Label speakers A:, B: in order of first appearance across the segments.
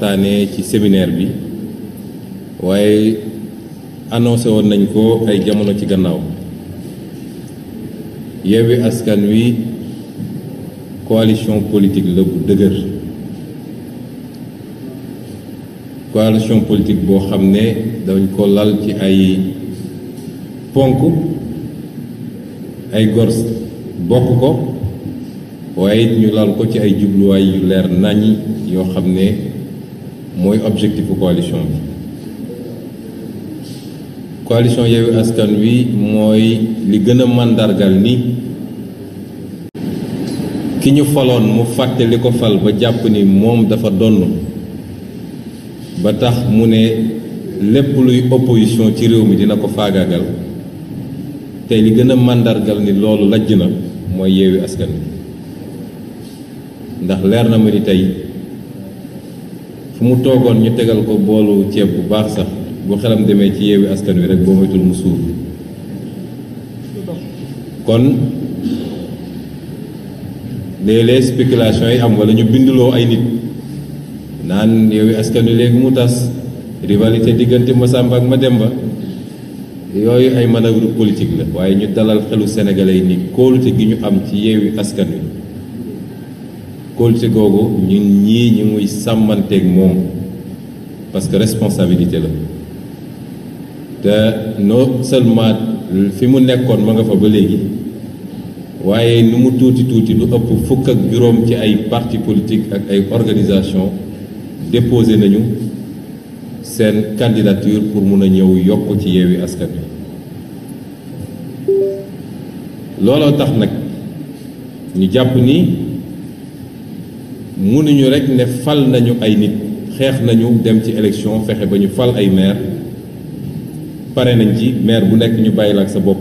A: waxtaanee ci séminaire bi waaye annoncé woon nañ ko ay jamono ci gannaaw Yewwi Askan Wi coalition politique la bu dëgër coalition politique boo xam ne dañ ko lal ci ay ponk ay gors bokk ko waaye it ñu lal ko ci ay jubluwaay yu leer nañ yoo xam ne mooy objectif bu coalition bi coalition Yewwi Askan Wi mooy li gën a màndargal ni ki ñu faloon mu fàtte li ko fal ba jàpp ni moom dafa donn ba tax mu ne lépp luy opposition ci réew mi dina ko faagaagal te li gën a màndargal ni loolu lajj na mooy Yewwi Askan Wi ndax leer na ma ni tey fu mu toogoon ñu tegal ko boolu ceeb bu baax sax bu xelam demee ci yeewi askan wi rek boo moytul mu suur kon léeg-léeg spéculation yi am wala ñu binduloo ay nit naan yeewi askan wi léegi mu tas rivalité diggante Massamba ak ba yooyu ay manœuvre politique la waaye ñu dalal xelu sénégalais yi ni kóolute gi ñu am ci yeewi askan wi kóolute googu ñu ñii ñi muy sàmmanteeg moom parce que responsabilité la te non seulement fi mu nekkoon ma nga fa ba léegi waaye ni mu tuuti tuuti lu ëpp fukk ak juróom ci ay parti politique ak ay organisation déposé nañu seen candidature pour mun a ñëw yokk ci yeewi askan wi looloo tax nag ñu jàpp ni mënuñu rek ne fal nañu ay nit xeex nañu dem ci élection fexe ba ñu fal ay maire pare nañ ci maire bu nekk ñu bàyyi la ak sa bopp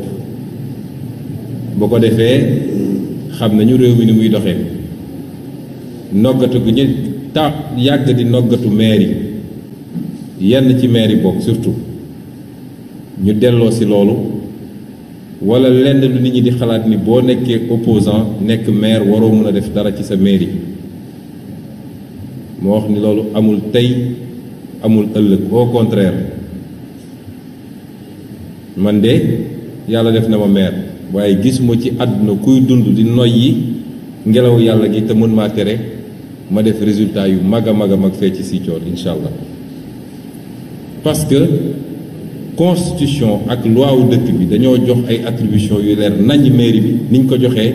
A: boo ko defee xam nañu réew mi ni muy doxee noggatu gu ñu ta yàgg di noggatu maire yi yenn ci maire yi bokk surtout ñu delloo si loolu wala lenn lu nit ñi di xalaat ni boo nekkee opposant nekk maire waroo mën a def dara ci sa yi moo wax ni loolu amul tey amul ëllëg au contraire man de yàlla def na ma meer waaye gis ma ci àdduna kuy dund di yi ngelaw yàlla gi te mën maa tere ma def résultat yu mag a mag a mag fee ci Sicoor incha allah parce que constitution ak loi dëkk bi dañoo jox ay atribution yu leer nañ mairie bi niñ ko joxee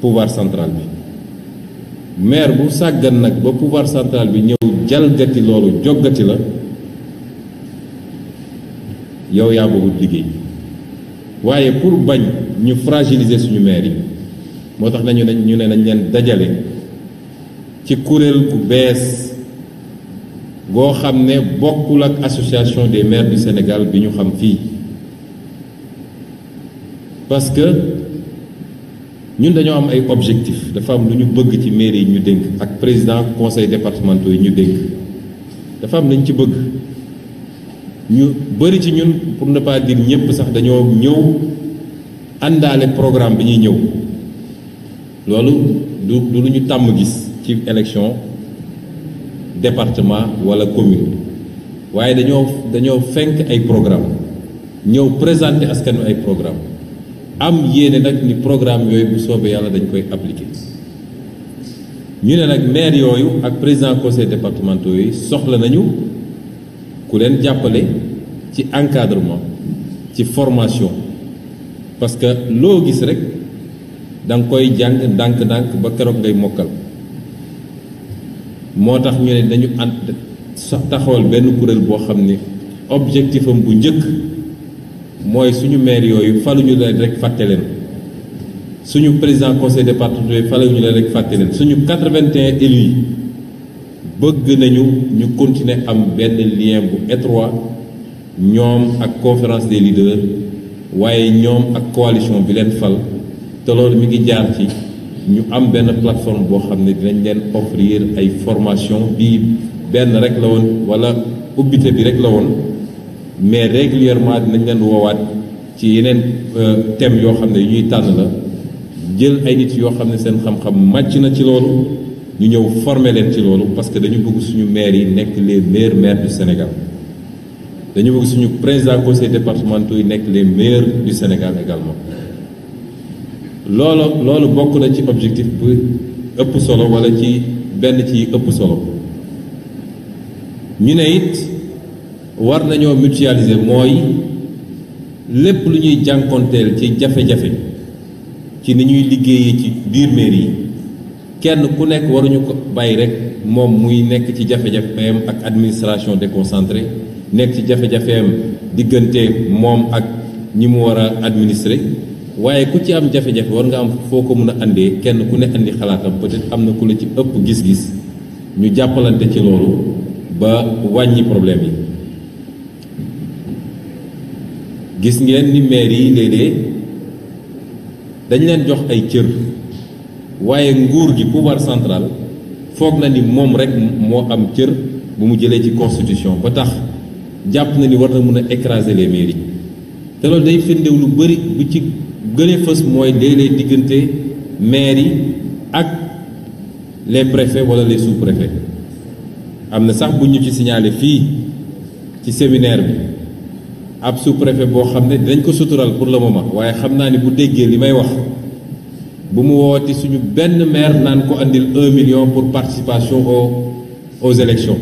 A: pouvoir central bi maire bu sàggan nag ba pouvoir central bi ñëw jalgati loolu joggati la yow yaa bëggul liggéey waaye pour bañ ñu fragiliser suñu maire yi moo tax nañu ne ñu ne nañ leen dajale ci kuréel ku bees goo xam ne bokkul ak association des maire du Sénégal bi ñu xam fii parce ñun dañoo am ay objectifs dafa am lu ñu bëgg ci mairie yi ñu dénk ak président conseil départementaux yi ñu dénk dafa am lañ ci bëgg ñu bëri ci ñun pour ne pas dire ñëpp sax dañoo ñëw àndaale programme bi ñuy ñëw loolu du lu ñu tàmm gis ci élection département wala commune waaye dañoo dañoo fenk ay programme ñëw présenter askanu ay programme am yéene nag ni programme yooyu bu soobee yàlla dañu koy appliquer ñu ne nag maire yooyu ak président conseil départemental yi soxla nañu ku leen jàppale ci encadrement ci formation parce que loo gis rek da koy jàng ndànk-ndànk ba keroog ngay mokkal moo tax ñu ne dañu ànd taxawal benn kuréel boo xam ni objectif am bu njëkk mooy suñu maire yooyu faluñu leen rek fàtte leen suñu président conseil départemental faluñu leen rek fàtte leen suñu 81 élus yi bëgg nañu ñu continuer am benn lien bu étroit ñoom ak conférence des leaders waaye ñoom ak coalition bi leen fal te loolu mi ngi jaar ci ñu am benn plateforme boo xam ne dinañ leen offrir ay formation bii benn rek la woon wala ubbite bi rek la woon mais régulièrement dinañ leen woowaat ci yeneen euh, thèmes yoo xam ne yuy tànn la jël ay nit yoo xam ne seen xam-xam màcc na ci loolu ñu ñëw former leen ci loolu parce que dañu bëgg suñu maires yi nekk les meilleurs maires du Sénégal dañu bëgg suñu président conseil départementaux yi nekk leen meilleurs du Sénégal également loolu loolu bokk na ci objectif bi ëpp solo wala ci benn ci ëpp solo ñu ne it war nañoo mutualiser mooy lépp lu ñuy jànkonteel ci jafe-jafe ci ni ñuy liggéeyee ci biir mairie yi kenn ku nekk waruñu ko bàyyi rek moom muy nekk ci jafe-jafeem ak administration déconcentrée nekk ci jafe-jafeem diggante moom ak ñi mu war a administrer waaye ku ci am jafe-jafe war nga am foo ko mën a àndee kenn ku ne indi xalaatam peut-être am na ku la ci ëpp gis-gis ñu jàppalante ci loolu ba wàññi problème yi gis ngeen ni maire yi léeg dañ leen jox ay cër waaye nguur gi pouvoir central foog na ni moom rek moo am cër bu mu jëlee ci constitution ba tax jàpp na ni war na mën a écraser les mairies te loolu day firndéew lu bëri bu ci gën a fës mooy léeg diggante maire yi ak les préfets wala les sous-préfets am na sax bu ñu ci signalé fii ci séminaire bi ab sous-préfet boo xam ne dinañ ko sutural pour le moment waaye xam naa ni bu déggee li may wax bu mu wooti suñu benn maire naan ko indil un million pour participation aux aux élections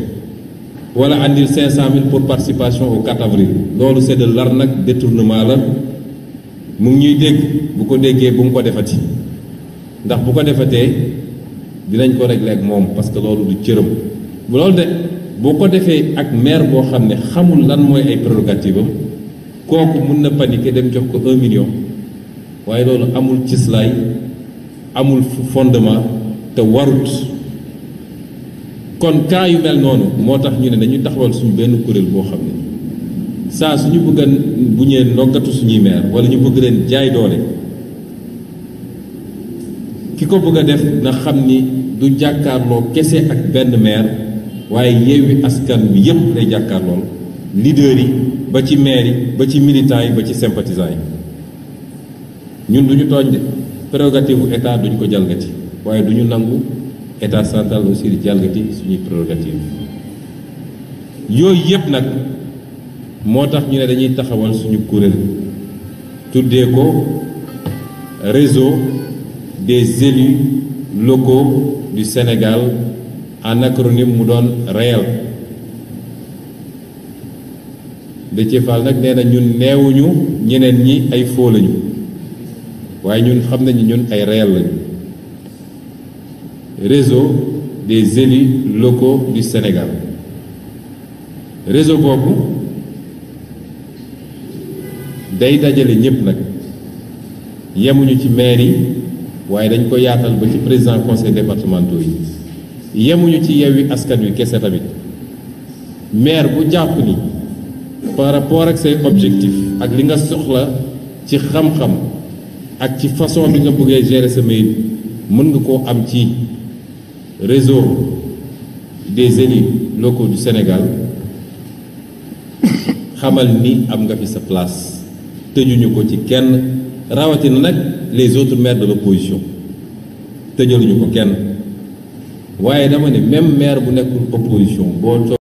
A: wala andil cinq cent mille pour participation au 4 avril loolu c'est lar l'arnaque détournement la mu ngi ñuy dégg bu ko déggee bu mu ko defati ndax bu ko defatee dinañ ko régler ak moom parce que loolu du cëram loolu de boo ko defee ak maire boo xam ne xamul lan mooy ay prérogatives kooku mun na paniquer dem jox ko un million waaye loolu amul cislaay amul fondement te warut kon cas mel noonu moo tax ñu ne dañuy taxawal suñu benn kuréel boo xam ne saa suñu bëgg a bu suñuy meer wala ñu bëgg leen jaay doole ki ko bëgg a def na xam ni du jàkkaarloo kese ak benn maire waaye Yewwi Askan Wi yépp lay jàkkaarlool leaders yi ba ci maire yi ba ci militants yi ba ci sympathisants yi ñun duñu ñu tooñ prérogative bu état duñ ko jalgati waaye duñu nangu état central aussi di jalgati suñuy prérogative yooyu yëpp nag moo tax ñu ne dañuy taxawal suñu kuréel tuddee ko réseau des élus locaux du Sénégal en acronyme mu doon réel Déthié Fall nag nee na ñun neewuñu ñeneen ñi ay foo lañu waaye ñun xam nañu ñun ay réel lañu réseau des élus locaux du Sénégal réseau boobu day dajale ñëpp nag yemuñu ci maire yi waaye dañ ko yaatal ba ci président conseil départementaux yi yemuñu ci Yewwi Askan Wi kese tamit maire bu jàpp ni par rapport ak say objectif ak li nga soxla ci xam-xam ak ci façon bi nga bëggee gérer sa mën nga koo am ci réseau des élus locaux du Sénégal xamal ni am nga fi sa place tëjuñu ko ci kenn rawatina nag les autres maires de l'opposition tëjaluñu ko kenn waaye dama ne même maire bu nekkul opposition boo